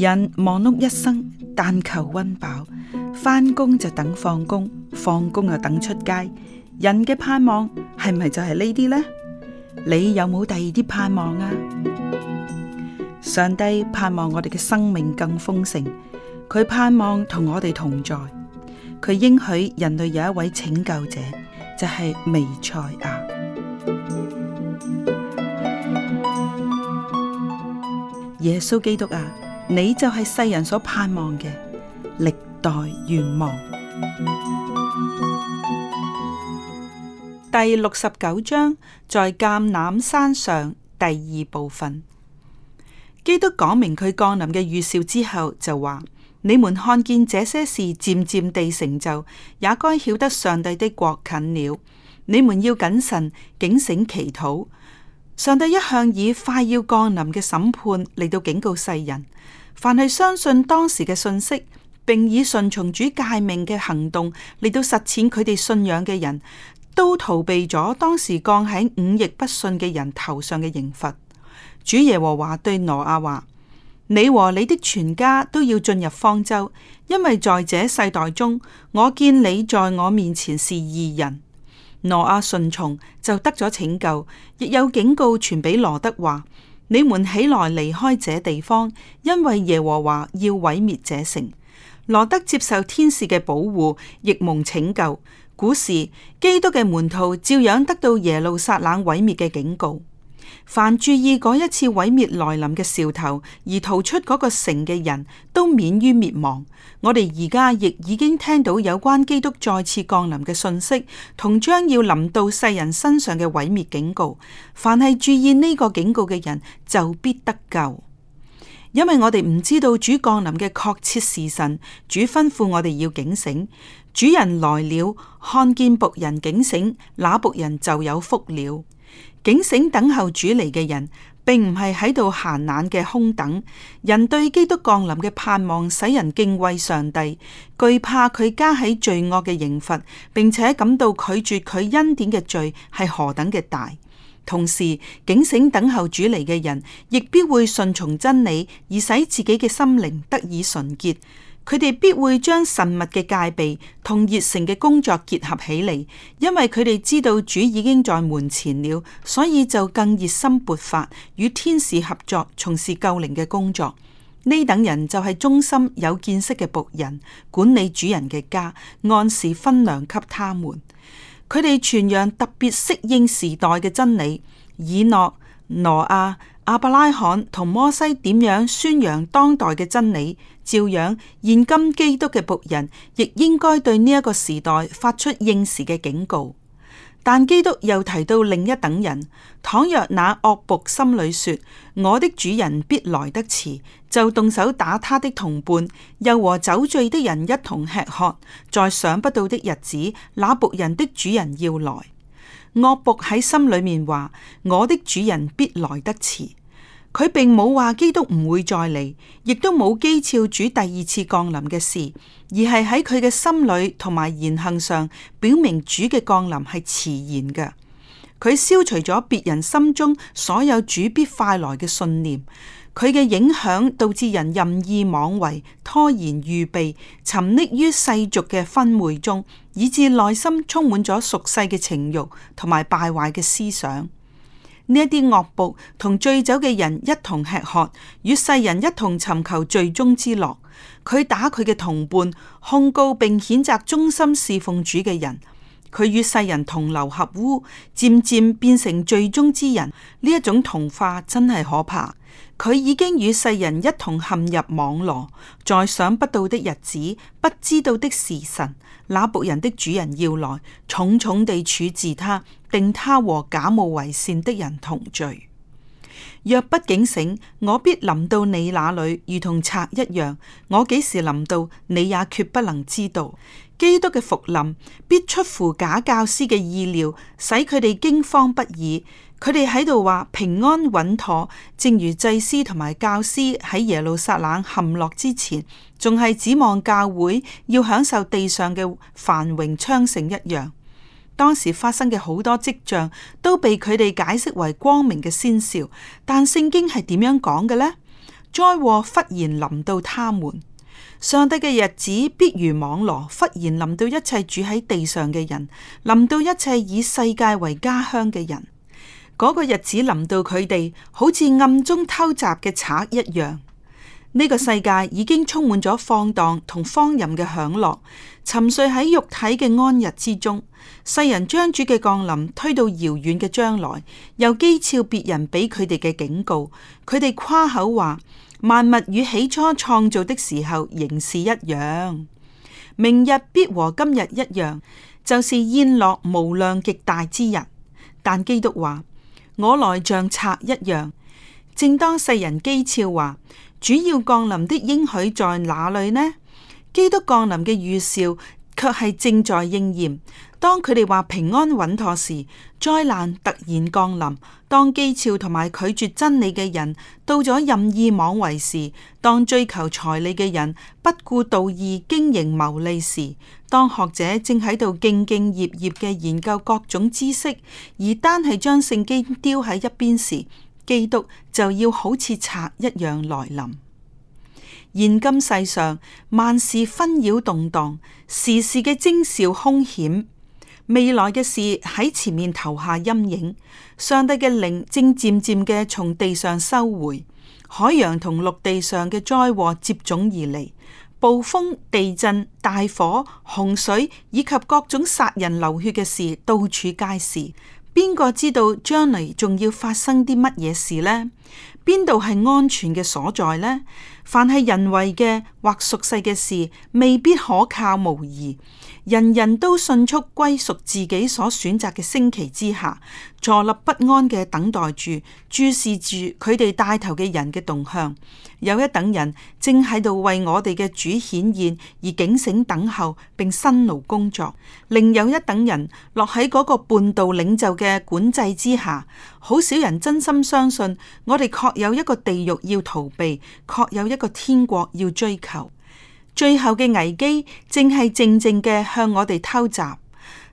人忙碌一生，但求溫飽，翻工就等放工，放工又等出街。人嘅盼望係咪就係呢啲呢？你有冇第二啲盼望啊？上帝盼望我哋嘅生命更豐盛，佢盼望同我哋同在，佢應許人類有一位拯救者，就係彌賽亞耶穌基督啊！你就係世人所盼望嘅歷代願望。第六十九章在橄欖山上第二部分，基督講明佢降臨嘅預兆之後，就話：你們看見這些事漸漸地成就，也該曉得上帝的國近了。你們要謹慎警醒祈禱。上帝一向以快要降臨嘅審判嚟到警告世人。凡係相信當時嘅信息，並以順從主誡命嘅行動嚟到實踐佢哋信仰嘅人，都逃避咗當時降喺忤逆不信嘅人頭上嘅刑罰。主耶和華對挪亞話：你和你的全家都要進入方舟，因為在這世代中，我見你在我面前是義人。挪亞順從，就得咗拯救。亦有警告傳俾羅德話。你們起來離開這地方，因為耶和華要毀滅這城。羅德接受天使嘅保護，亦蒙拯救。古時，基督嘅門徒照樣得到耶路撒冷毀滅嘅警告。凡注意嗰一次毀滅來臨嘅兆頭而逃出嗰個城嘅人都免於滅亡。我哋而家亦已經聽到有關基督再次降臨嘅信息同將要臨到世人身上嘅毀滅警告。凡係注意呢個警告嘅人就必得救，因為我哋唔知道主降臨嘅確切時辰。主吩咐我哋要警醒，主人來了，看見僕人警醒，那僕人就有福了。警醒等候主嚟嘅人，並唔係喺度閒懶嘅空等。人對基督降臨嘅盼望，使人敬畏上帝，懼怕佢加喺罪惡嘅刑罰，並且感到拒絕佢恩典嘅罪係何等嘅大。同時，警醒等候主嚟嘅人，亦必會順從真理，而使自己嘅心靈得以純潔。佢哋必會將神物嘅戒備同熱誠嘅工作結合起嚟，因為佢哋知道主已經在門前了，所以就更熱心勃發，與天使合作，從事救靈嘅工作。呢等人就係忠心有見識嘅僕人，管理主人嘅家，按時分糧給他們。佢哋傳揚特別適應時代嘅真理。以諾、挪亞、亞伯拉罕同摩西點樣宣揚當代嘅真理？照樣，現今基督嘅僕人亦應該對呢一個時代發出應時嘅警告。但基督又提到另一等人：倘若那惡僕心裏說，我的主人必來得遲，就動手打他的同伴，又和酒醉的人一同吃喝。在想不到的日子，那僕人的主人要來。惡僕喺心裏面話：我的主人必來得遲。佢並冇話基督唔會再嚟，亦都冇譏誚主第二次降臨嘅事，而係喺佢嘅心裏同埋言行上，表明主嘅降臨係遲延嘅。佢消除咗別人心中所有主必快來嘅信念，佢嘅影響導致人任意妄為、拖延預備、沉溺於世俗嘅昏昧中，以致內心充滿咗俗世嘅情慾同埋敗壞嘅思想。呢一啲惡僕同醉酒嘅人一同吃喝，與世人一同尋求最終之樂。佢打佢嘅同伴，控告並譴責忠心侍奉主嘅人。佢與世人同流合污，漸漸變成最終之人。呢一種同化真係可怕。佢已經與世人一同陷入網羅，在想不到的日子、不知道的時辰，那僕人的主人要來，重重地處置他，定他和假冒為善的人同罪。若不警醒，我必臨到你那裏，如同賊一樣。我幾時臨到，你也決不能知道。基督嘅復臨必出乎假教師嘅意料，使佢哋驚慌不已。佢哋喺度話平安穩妥，正如祭司同埋教師喺耶路撒冷陷落之前，仲係指望教會要享受地上嘅繁榮昌盛一樣。當時發生嘅好多跡象，都被佢哋解釋為光明嘅先兆。但聖經係點樣講嘅呢？災禍忽然臨到他們，上帝嘅日子必如網羅，忽然臨到一切住喺地上嘅人，臨到一切以世界為家鄉嘅人。嗰個日子臨到佢哋，好似暗中偷襲嘅賊一樣。呢個世界已經充滿咗放蕩同荒淫嘅享樂，沉睡喺肉體嘅安逸之中。世人將主嘅降臨推到遙遠嘅將來，又譏笑別人俾佢哋嘅警告。佢哋誇口話萬物與起初創造的時候仍是一樣，明日必和今日一樣，就是宴樂無量極大之日。但基督話。我來像賊一樣，正當世人譏誚話，主要降臨的應許在哪裏呢？基督降臨嘅預兆，卻係正在應驗。當佢哋話平安穩妥時，災難突然降臨。當譏誚同埋拒絕真理嘅人到咗任意妄為時，當追求財利嘅人不顧道義經營牟利時，當學者正喺度兢兢業業嘅研究各種知識而單係將聖經丟喺一邊時，基督就要好似賊一樣來臨。現今世上萬事紛擾動盪，時事嘅徵兆兇險。未來嘅事喺前面投下陰影，上帝嘅靈正漸漸嘅從地上收回，海洋同陸地上嘅災禍接踵而嚟，暴風、地震、大火、洪水以及各種殺人流血嘅事到處皆是。邊個知道將來仲要發生啲乜嘢事呢？邊度係安全嘅所在呢？凡係人為嘅或俗世嘅事，未必可靠無疑。人人都迅速歸屬自己所選擇嘅星旗之下，坐立不安嘅等待住，注視住佢哋帶頭嘅人嘅動向。有一等人正喺度為我哋嘅主顯現而警醒等候，並辛勞工作；另有一等人落喺嗰個半道領袖嘅管制之下。好少人真心相信，我哋確有一個地獄要逃避，確有一個天國要追求。最後嘅危機正係靜靜嘅向我哋偷襲，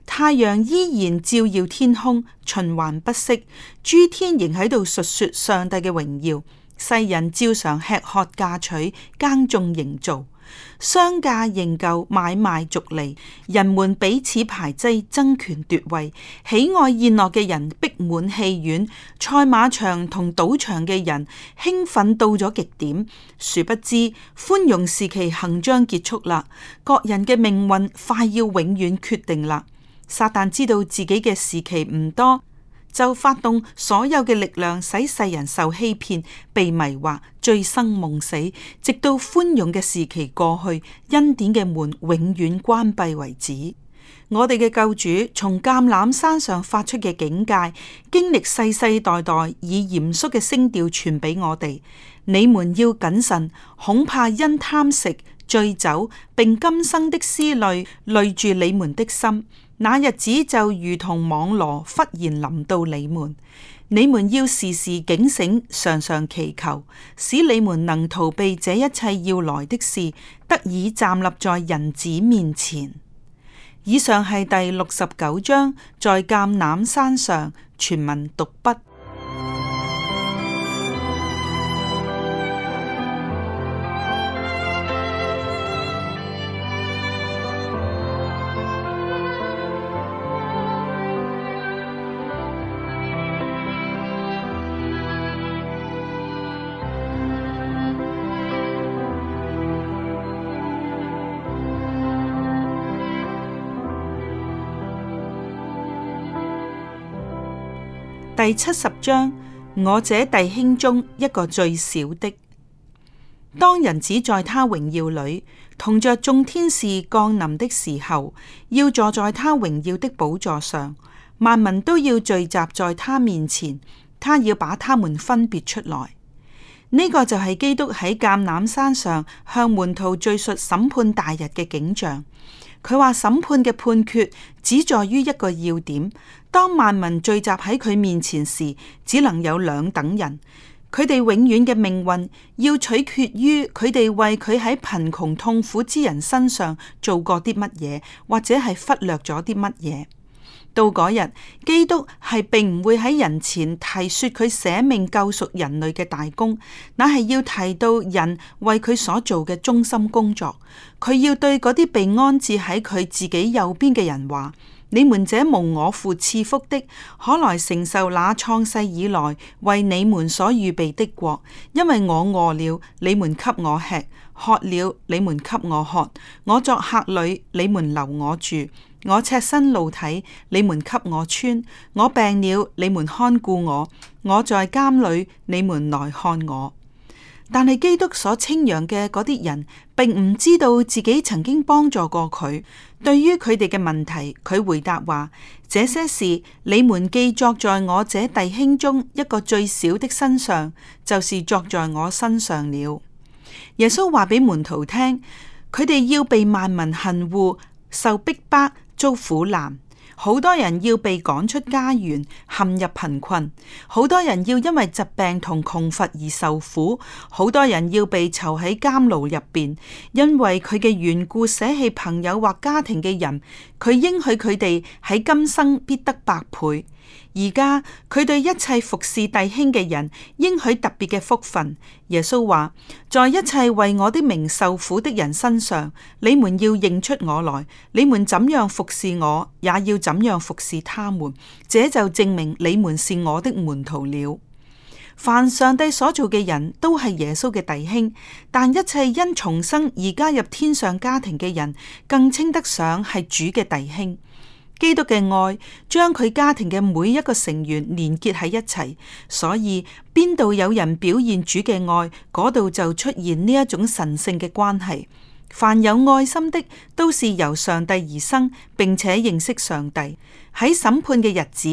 太陽依然照耀天空，循環不息，諸天仍喺度述說上帝嘅榮耀，世人照常吃喝嫁娶，耕種營造。商家仍舊買賣逐利，人們彼此排擠爭權奪位，喜愛宴樂嘅人逼滿戲院、賽馬場同賭場嘅人興奮到咗極點。殊不知寬容時期行將結束啦，各人嘅命運快要永遠決定啦。撒旦知道自己嘅時期唔多。就發動所有嘅力量，使世人受欺騙、被迷惑、醉生夢死，直到寬容嘅時期過去，恩典嘅門永遠關閉為止。我哋嘅救主從橄欖山上發出嘅警戒，經歷世世代代以嚴肅嘅聲調傳俾我哋：你們要謹慎，恐怕因貪食、醉酒，並今生的思慮累住你們的心。那日子就如同網羅忽然臨到你們，你們要時時警醒，常常祈求，使你們能逃避這一切要來的事，得以站立在人子面前。以上係第六十九章，在橄欖山上，全文讀畢。第七十章，我這弟兄中一個最小的，當人子在他榮耀裏同着眾天使降臨的時候，要坐在他榮耀的寶座上，萬民都要聚集在他面前，他要把他們分別出來。呢個就係基督喺橄欖山上向門徒敘述審判大日嘅景象。佢話審判嘅判決只在於一個要點。當萬民聚集喺佢面前時，只能有兩等人，佢哋永遠嘅命運要取決於佢哋為佢喺貧窮痛苦之人身上做過啲乜嘢，或者係忽略咗啲乜嘢。到嗰日，基督係並唔會喺人前提說佢捨命救贖人類嘅大功，乃係要提到人為佢所做嘅忠心工作。佢要對嗰啲被安置喺佢自己右邊嘅人話。你們這蒙我父賜福的，可來承受那創世以來為你們所預備的國。因為我餓了，你們給我吃；渴了，你們給我喝。我作客旅，你們留我住；我赤身露體，你們給我穿；我病了，你們看顧我；我在監裏，你們來看我。但係基督所稱揚嘅嗰啲人，並唔知道自己曾經幫助過佢。對於佢哋嘅問題，佢回答話：「這些事你們既作在我這弟兄中一個最小的身上，就是作在我身上了。耶穌話俾門徒聽，佢哋要被萬民恨惡，受逼迫，遭苦難。好多人要被趕出家園，陷入貧困；好多人要因為疾病同窮乏而受苦；好多人要被囚喺監牢入邊，因為佢嘅緣故捨棄朋友或家庭嘅人，佢應許佢哋喺今生必得百倍。而家佢對一切服侍弟兄嘅人應許特別嘅福分。耶穌話：在一切為我的名受苦的人身上，你們要認出我來。你們怎樣服侍我，也要怎樣服侍他們。這就證明你們是我的門徒了。凡上帝所做嘅人都係耶穌嘅弟兄，但一切因重生而加入天上家庭嘅人，更稱得上係主嘅弟兄。基督嘅愛將佢家庭嘅每一個成員連結喺一齊，所以邊度有人表現主嘅愛，嗰度就出現呢一種神聖嘅關係。凡有愛心的，都是由上帝而生，並且認識上帝。喺審判嘅日子，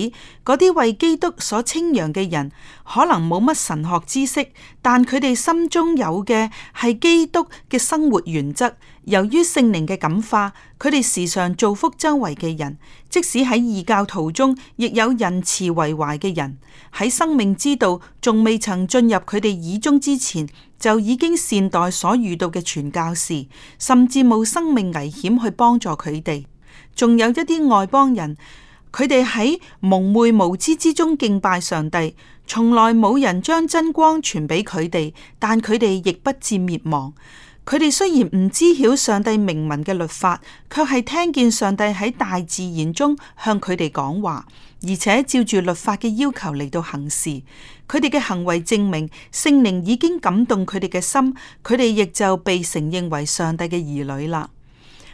嗰啲為基督所稱揚嘅人，可能冇乜神學知識，但佢哋心中有嘅係基督嘅生活原則。由於聖靈嘅感化，佢哋時常造福周圍嘅人，即使喺異教途中，亦有仁慈為懷嘅人喺生命之道仲未曾進入佢哋耳中之前，就已經善待所遇到嘅傳教士，甚至冒生命危險去幫助佢哋。仲有一啲外邦人，佢哋喺蒙昧無知之中敬拜上帝，從來冇人將真光傳俾佢哋，但佢哋亦不致滅亡。佢哋雖然唔知曉上帝明文嘅律法，卻係聽見上帝喺大自然中向佢哋講話，而且照住律法嘅要求嚟到行事。佢哋嘅行為證明聖靈已經感動佢哋嘅心，佢哋亦就被承認為上帝嘅兒女啦。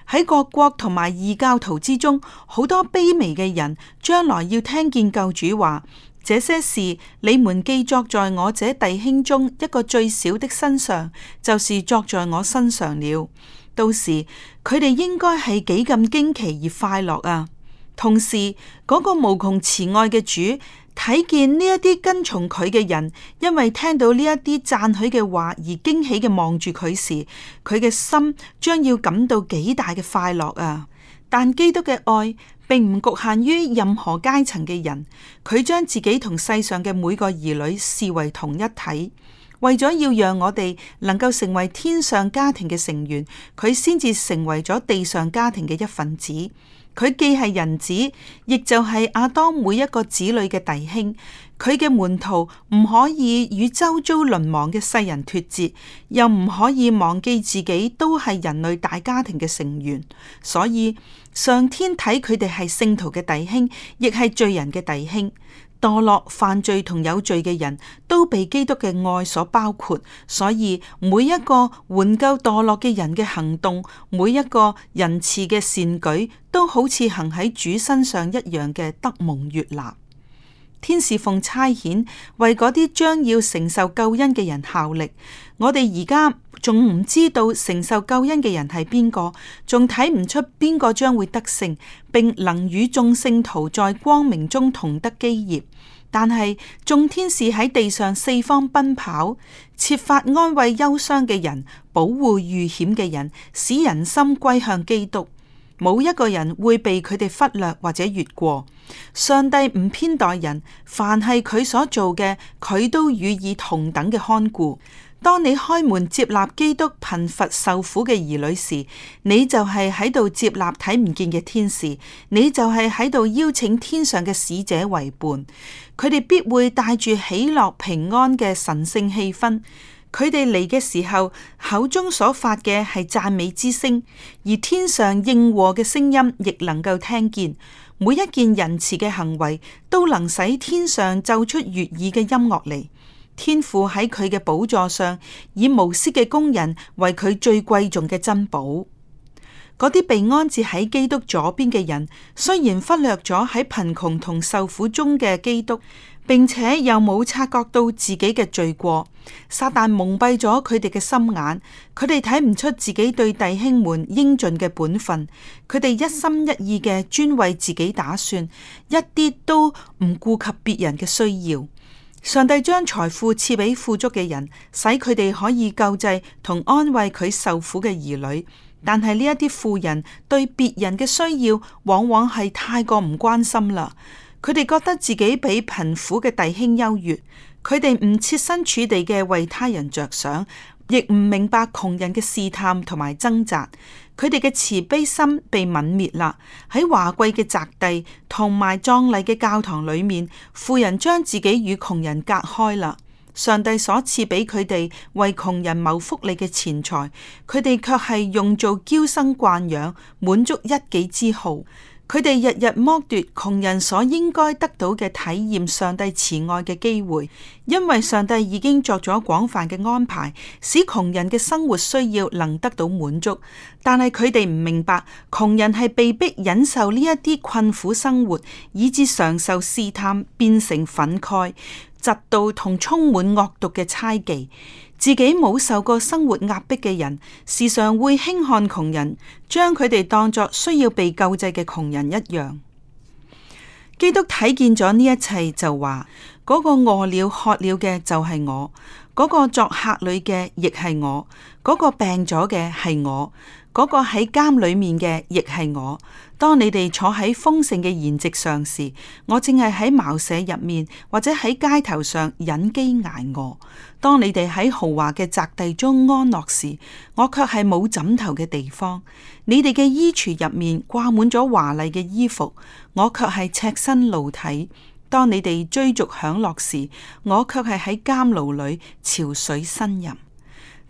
喺各國同埋異教徒之中，好多卑微嘅人將來要聽見救主話。這些事你們既作在我這弟兄中一個最小的身上，就是作在我身上了。到時佢哋應該係幾咁驚奇而快樂啊！同時，嗰個無窮慈愛嘅主睇見呢一啲跟從佢嘅人，因為聽到呢一啲讚許嘅話而驚喜嘅望住佢時，佢嘅心將要感到幾大嘅快樂啊！但基督嘅愛並唔局限於任何階層嘅人，佢將自己同世上嘅每個兒女視為同一體，為咗要讓我哋能夠成為天上家庭嘅成員，佢先至成為咗地上家庭嘅一份子。佢既係人子，亦就係阿當每一個子女嘅弟兄。佢嘅門徒唔可以與周遭淪亡嘅世人脱節，又唔可以忘記自己都係人類大家庭嘅成員。所以上天睇佢哋係聖徒嘅弟兄，亦係罪人嘅弟兄。墮落、犯罪同有罪嘅人都被基督嘅愛所包括，所以每一個挽救墮落嘅人嘅行動，每一個仁慈嘅善舉，都好似行喺主身上一樣嘅得蒙悅納。天使奉差遣為嗰啲將要承受救恩嘅人效力。我哋而家仲唔知道承受救恩嘅人係邊個，仲睇唔出邊個將會得勝，並能與眾聖徒在光明中同得基業。但係，眾天使喺地上四方奔跑，設法安慰憂傷嘅人，保護遇險嘅人，使人心歸向基督。冇一個人會被佢哋忽略或者越過。上帝唔偏待人，凡係佢所做嘅，佢都予以同等嘅看顧。當你開門接納基督貧乏受苦嘅兒女時，你就係喺度接納睇唔見嘅天使，你就係喺度邀請天上嘅使者為伴。佢哋必會帶住喜樂平安嘅神聖氣氛。佢哋嚟嘅時候，口中所發嘅係讚美之聲，而天上應和嘅聲音亦能夠聽見。每一件仁慈嘅行為，都能使天上奏出悅耳嘅音樂嚟。天父喺佢嘅寶座上，以無私嘅工人為佢最貴重嘅珍寶。嗰啲被安置喺基督左邊嘅人，雖然忽略咗喺貧窮同受苦中嘅基督，並且又冇察覺到自己嘅罪過，撒旦蒙蔽咗佢哋嘅心眼，佢哋睇唔出自己對弟兄們應盡嘅本分，佢哋一心一意嘅專為自己打算，一啲都唔顧及別人嘅需要。上帝將財富賜俾富足嘅人，使佢哋可以救濟同安慰佢受苦嘅兒女。但係呢一啲富人對別人嘅需要，往往係太過唔關心啦。佢哋覺得自己比貧苦嘅弟兄優越，佢哋唔設身處地嘅為他人着想，亦唔明白窮人嘅試探同埋掙扎。佢哋嘅慈悲心被泯滅啦，喺華貴嘅宅地同埋壯麗嘅教堂裏面，富人將自己與窮人隔開啦。上帝所賜俾佢哋為窮人謀福利嘅錢財，佢哋卻係用做嬌生慣養，滿足一己之豪。佢哋日日剝奪窮人所應該得到嘅體驗上帝慈愛嘅機會，因為上帝已經作咗廣泛嘅安排，使窮人嘅生活需要能得到滿足。但係佢哋唔明白，窮人係被迫忍受呢一啲困苦生活，以致常受試探，變成憤慨、嫉妒同充滿惡毒嘅猜忌。自己冇受過生活壓迫嘅人，時常會輕看窮人，將佢哋當作需要被救濟嘅窮人一樣。基督睇見咗呢一切，就話：嗰個餓了、渴了嘅就係我，嗰個作客旅嘅亦係我，嗰個病咗嘅係我。嗰個喺監裏面嘅，亦係我。當你哋坐喺豐盛嘅筵席上時，我正係喺茅舍入面，或者喺街頭上忍饑挨餓。當你哋喺豪華嘅宅地中安樂時，我卻係冇枕頭嘅地方。你哋嘅衣櫥入面掛滿咗華麗嘅衣服，我卻係赤身露體。當你哋追逐享樂時，我卻係喺監牢裏潮水呻吟。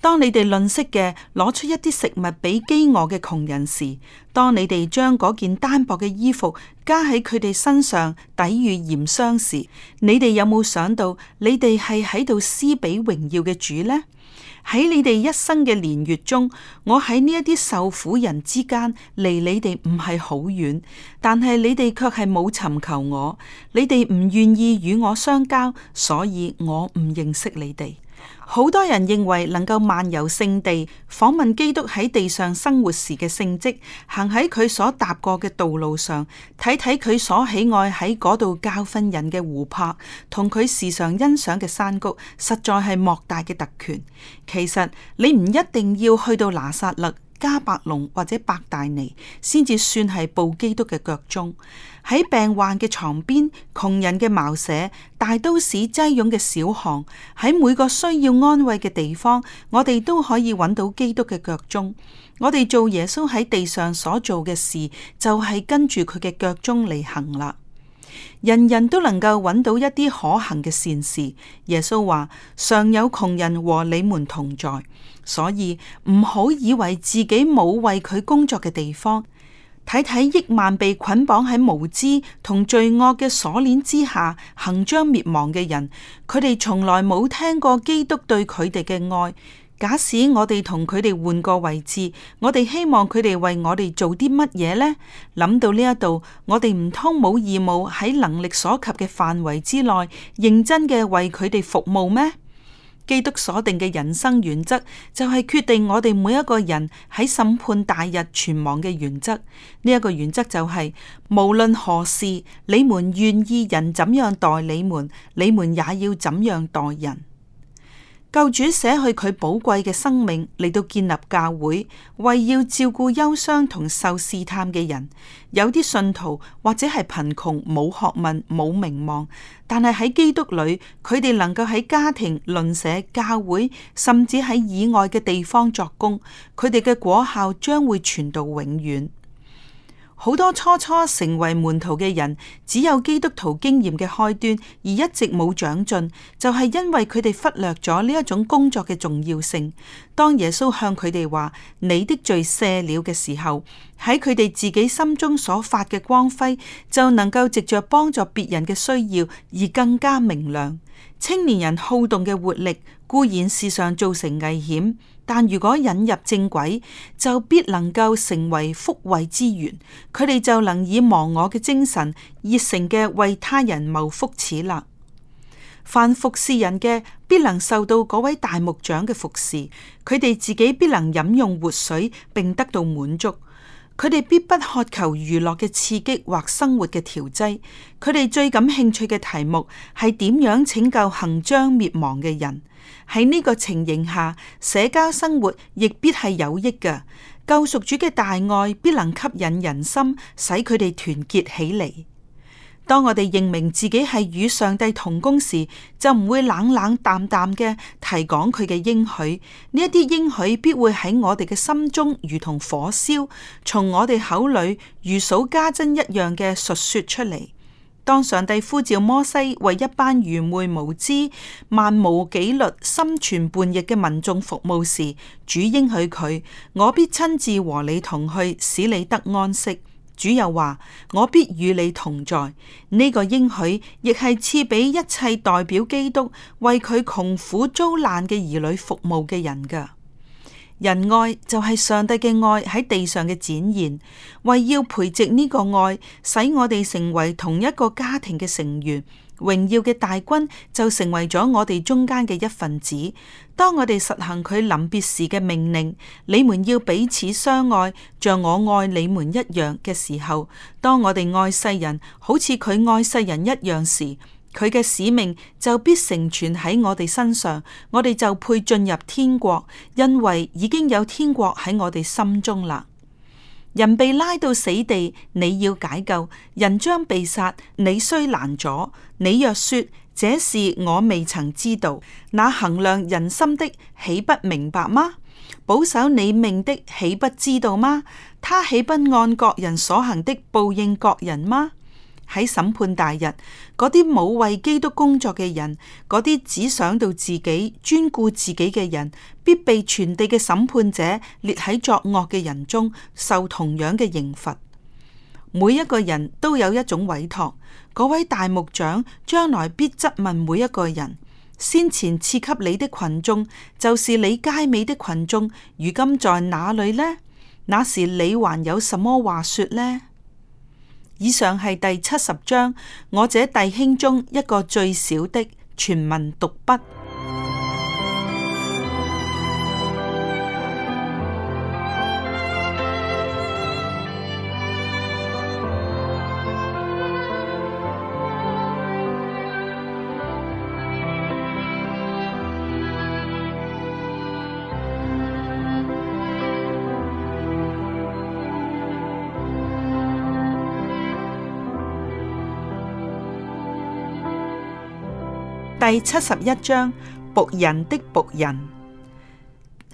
當你哋吝嗇嘅攞出一啲食物俾飢餓嘅窮人時，當你哋將嗰件單薄嘅衣服加喺佢哋身上抵御嚴霜時，你哋有冇想到你哋係喺度施比榮耀嘅主呢？喺你哋一生嘅年月中，我喺呢一啲受苦人之間離你哋唔係好遠，但係你哋卻係冇尋求我，你哋唔願意與我相交，所以我唔認識你哋。好多人認為能夠漫遊聖地，訪問基督喺地上生活時嘅聖蹟，行喺佢所踏過嘅道路上，睇睇佢所喜愛喺嗰度教訓人嘅湖泊，同佢時常欣賞嘅山谷，實在係莫大嘅特權。其實你唔一定要去到拿撒勒，加白龍或者白大尼，先至算係步基督嘅腳蹤。喺病患嘅床邊、窮人嘅茅舍、大都市擠擁嘅小巷，喺每個需要安慰嘅地方，我哋都可以揾到基督嘅腳蹤。我哋做耶穌喺地上所做嘅事，就係、是、跟住佢嘅腳蹤嚟行啦。人人都能夠揾到一啲可行嘅善事。耶穌話：常有窮人和你們同在。所以唔好以為自己冇為佢工作嘅地方，睇睇億萬被捆綁喺無知同罪惡嘅鎖鏈之下，行將滅亡嘅人，佢哋從來冇聽過基督對佢哋嘅愛。假使我哋同佢哋換個位置，我哋希望佢哋為我哋做啲乜嘢呢？諗到呢一度，我哋唔通冇義務喺能力所及嘅範圍之內，認真嘅為佢哋服務咩？基督所定嘅人生原則，就係、是、決定我哋每一個人喺審判大日存亡嘅原則。呢、這、一個原則就係、是，無論何事，你們願意人怎樣待你們，你們也要怎樣待人。救主捨去佢寶貴嘅生命嚟到建立教會，為要照顧憂傷同受試探嘅人。有啲信徒或者係貧窮、冇學問、冇名望，但係喺基督裏，佢哋能夠喺家庭、鄰舍、教會，甚至喺以外嘅地方作工，佢哋嘅果效將會傳到永遠。好多初初成為門徒嘅人，只有基督徒經驗嘅開端，而一直冇長進，就係、是、因為佢哋忽略咗呢一種工作嘅重要性。當耶穌向佢哋話：「你的罪赦了」嘅時候，喺佢哋自己心中所發嘅光輝，就能夠藉着幫助別人嘅需要而更加明亮。青年人好動嘅活力固然時常造成危險。但如果引入正軌，就必能夠成為福慧之源，佢哋就能以忘我嘅精神，熱誠嘅為他人謀福此樂。凡服侍人嘅，必能受到嗰位大牧長嘅服侍，佢哋自己必能飲用活水，並得到滿足。佢哋必不渴求娛樂嘅刺激或生活嘅調劑，佢哋最感興趣嘅題目係點樣拯救行將滅亡嘅人。喺呢個情形下，社交生活亦必係有益嘅。救贖主嘅大愛必能吸引人心，使佢哋團結起嚟。當我哋認明自己係與上帝同工時，就唔會冷冷淡淡嘅提講佢嘅應許。呢一啲應許必會喺我哋嘅心中如同火燒，從我哋口裏如數家珍一樣嘅述說出嚟。當上帝呼召摩西為一班愚昧無知、漫無紀律、心存叛逆嘅民眾服務時，主應許佢，我必親自和你同去，使你得安息。主又話：我必與你同在。呢個應許亦係賜俾一切代表基督為佢窮苦遭難嘅兒女服務嘅人噶。人愛就係上帝嘅愛喺地上嘅展現，為要培植呢個愛，使我哋成為同一個家庭嘅成員，榮耀嘅大君就成為咗我哋中間嘅一份子。當我哋實行佢臨別時嘅命令，你們要彼此相愛，像我愛你們一樣嘅時候，當我哋愛世人好似佢愛世人一樣時。佢嘅使命就必成全喺我哋身上，我哋就配進入天國，因為已經有天國喺我哋心中啦。人被拉到死地，你要解救；人將被殺，你須攔阻。你若說這事我未曾知道，那衡量人心的豈不明白嗎？保守你命的豈不知道嗎？他豈不按各人所行的報應各人嗎？喺審判大日，嗰啲冇為基督工作嘅人，嗰啲只想到自己、專顧自己嘅人，必被全地嘅審判者列喺作惡嘅人中，受同樣嘅刑罰。每一個人都有一種委托，嗰位大牧長將來必質問每一個人：先前賜給你的群眾，就是你佳美的群眾，如今在哪裡呢？那時你還有什麼話說呢？以上係第七十章，我這弟兄中一個最小的全文讀畢。第七十一章，僕人的僕人。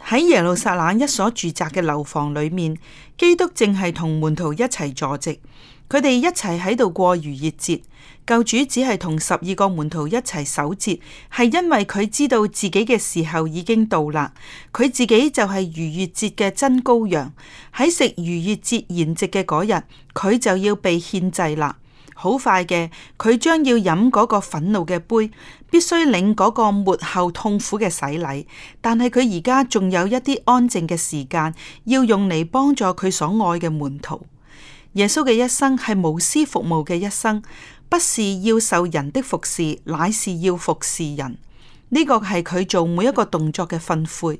喺耶路撒冷一所住宅嘅樓房裏面，基督正係同門徒一齊坐席，佢哋一齊喺度過逾越節。救主只係同十二個門徒一齊守節，係因為佢知道自己嘅時候已經到啦。佢自己就係逾越節嘅真羔羊，喺食逾越節筵席嘅嗰日，佢就要被獻祭啦。好快嘅，佢將要飲嗰個憤怒嘅杯，必須領嗰個末後痛苦嘅洗禮。但係佢而家仲有一啲安靜嘅時間，要用嚟幫助佢所愛嘅門徒。耶穌嘅一生係無私服務嘅一生，不是要受人的服侍，乃是要服侍人。呢個係佢做每一個動作嘅訓誨。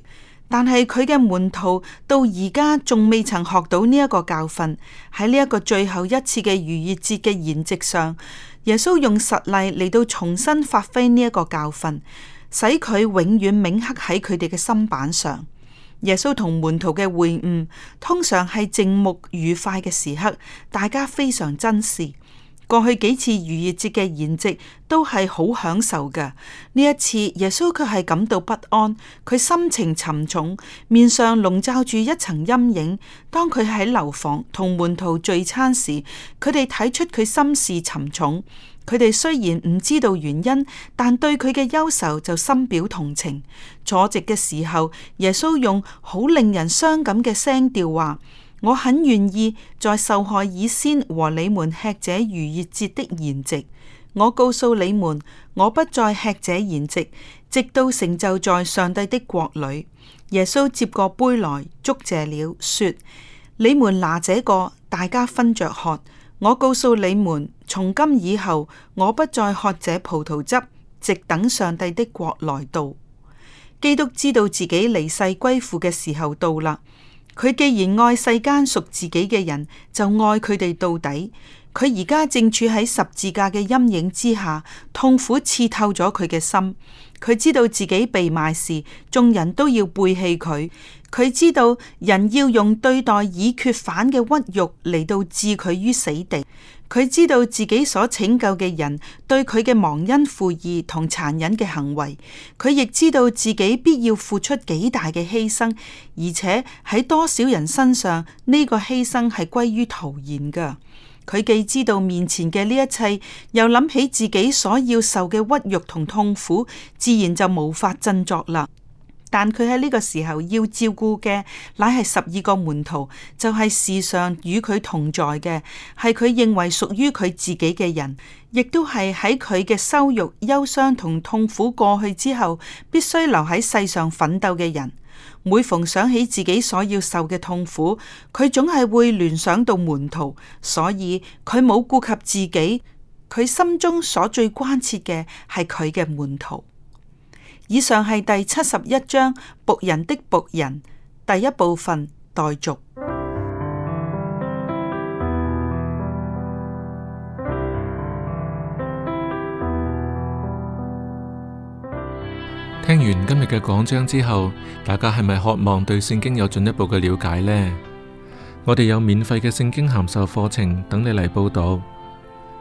但係佢嘅門徒到而家仲未曾學到呢一個教訓，喺呢一個最後一次嘅逾越節嘅筵席上，耶穌用實例嚟到重新發揮呢一個教訓，使佢永遠銘刻喺佢哋嘅心板上。耶穌同門徒嘅會晤，通常係靜穆愉快嘅時刻，大家非常珍視。過去幾次逾越節嘅筵席都係好享受嘅，呢一次耶穌佢係感到不安，佢心情沉重，面上籠罩住一層陰影。當佢喺樓房同門徒聚餐時，佢哋睇出佢心事沉重。佢哋雖然唔知道原因，但對佢嘅憂愁就深表同情。坐席嘅時候，耶穌用好令人傷感嘅聲調話。我很願意在受害以先和你們吃這逾越節的筵席。我告訴你們，我不再吃這筵席，直到成就在上帝的國裏。耶穌接過杯來，祝謝了，說：你們拿這個，大家分着喝。我告訴你們，從今以後，我不再喝這葡萄汁，直等上帝的國來到。基督知道自己離世歸父嘅時候到啦。佢既然愛世間屬自己嘅人，就愛佢哋到底。佢而家正處喺十字架嘅陰影之下，痛苦刺透咗佢嘅心。佢知道自己被賣時，眾人都要背棄佢。佢知道人要用對待已決反嘅屈辱嚟到置佢於死地。佢知道自己所拯救嘅人對佢嘅忘恩負義同殘忍嘅行為，佢亦知道自己必要付出幾大嘅犧牲，而且喺多少人身上呢個犧牲係歸於徒然噶。佢既知道面前嘅呢一切，又諗起自己所要受嘅屈辱同痛苦，自然就無法振作啦。但佢喺呢個時候要照顧嘅，乃係十二個門徒，就係世上與佢同在嘅，係佢認為屬於佢自己嘅人，亦都係喺佢嘅羞辱、憂傷同痛苦過去之後，必須留喺世上奮鬥嘅人。每逢想起自己所要受嘅痛苦，佢總係會聯想到門徒，所以佢冇顧及自己，佢心中所最關切嘅係佢嘅門徒。以上係第七十一章僕人的僕人第一部分待續。聽完今日嘅講章之後，大家係咪渴望對聖經有進一步嘅了解呢？我哋有免費嘅聖經函授課程等你嚟報讀。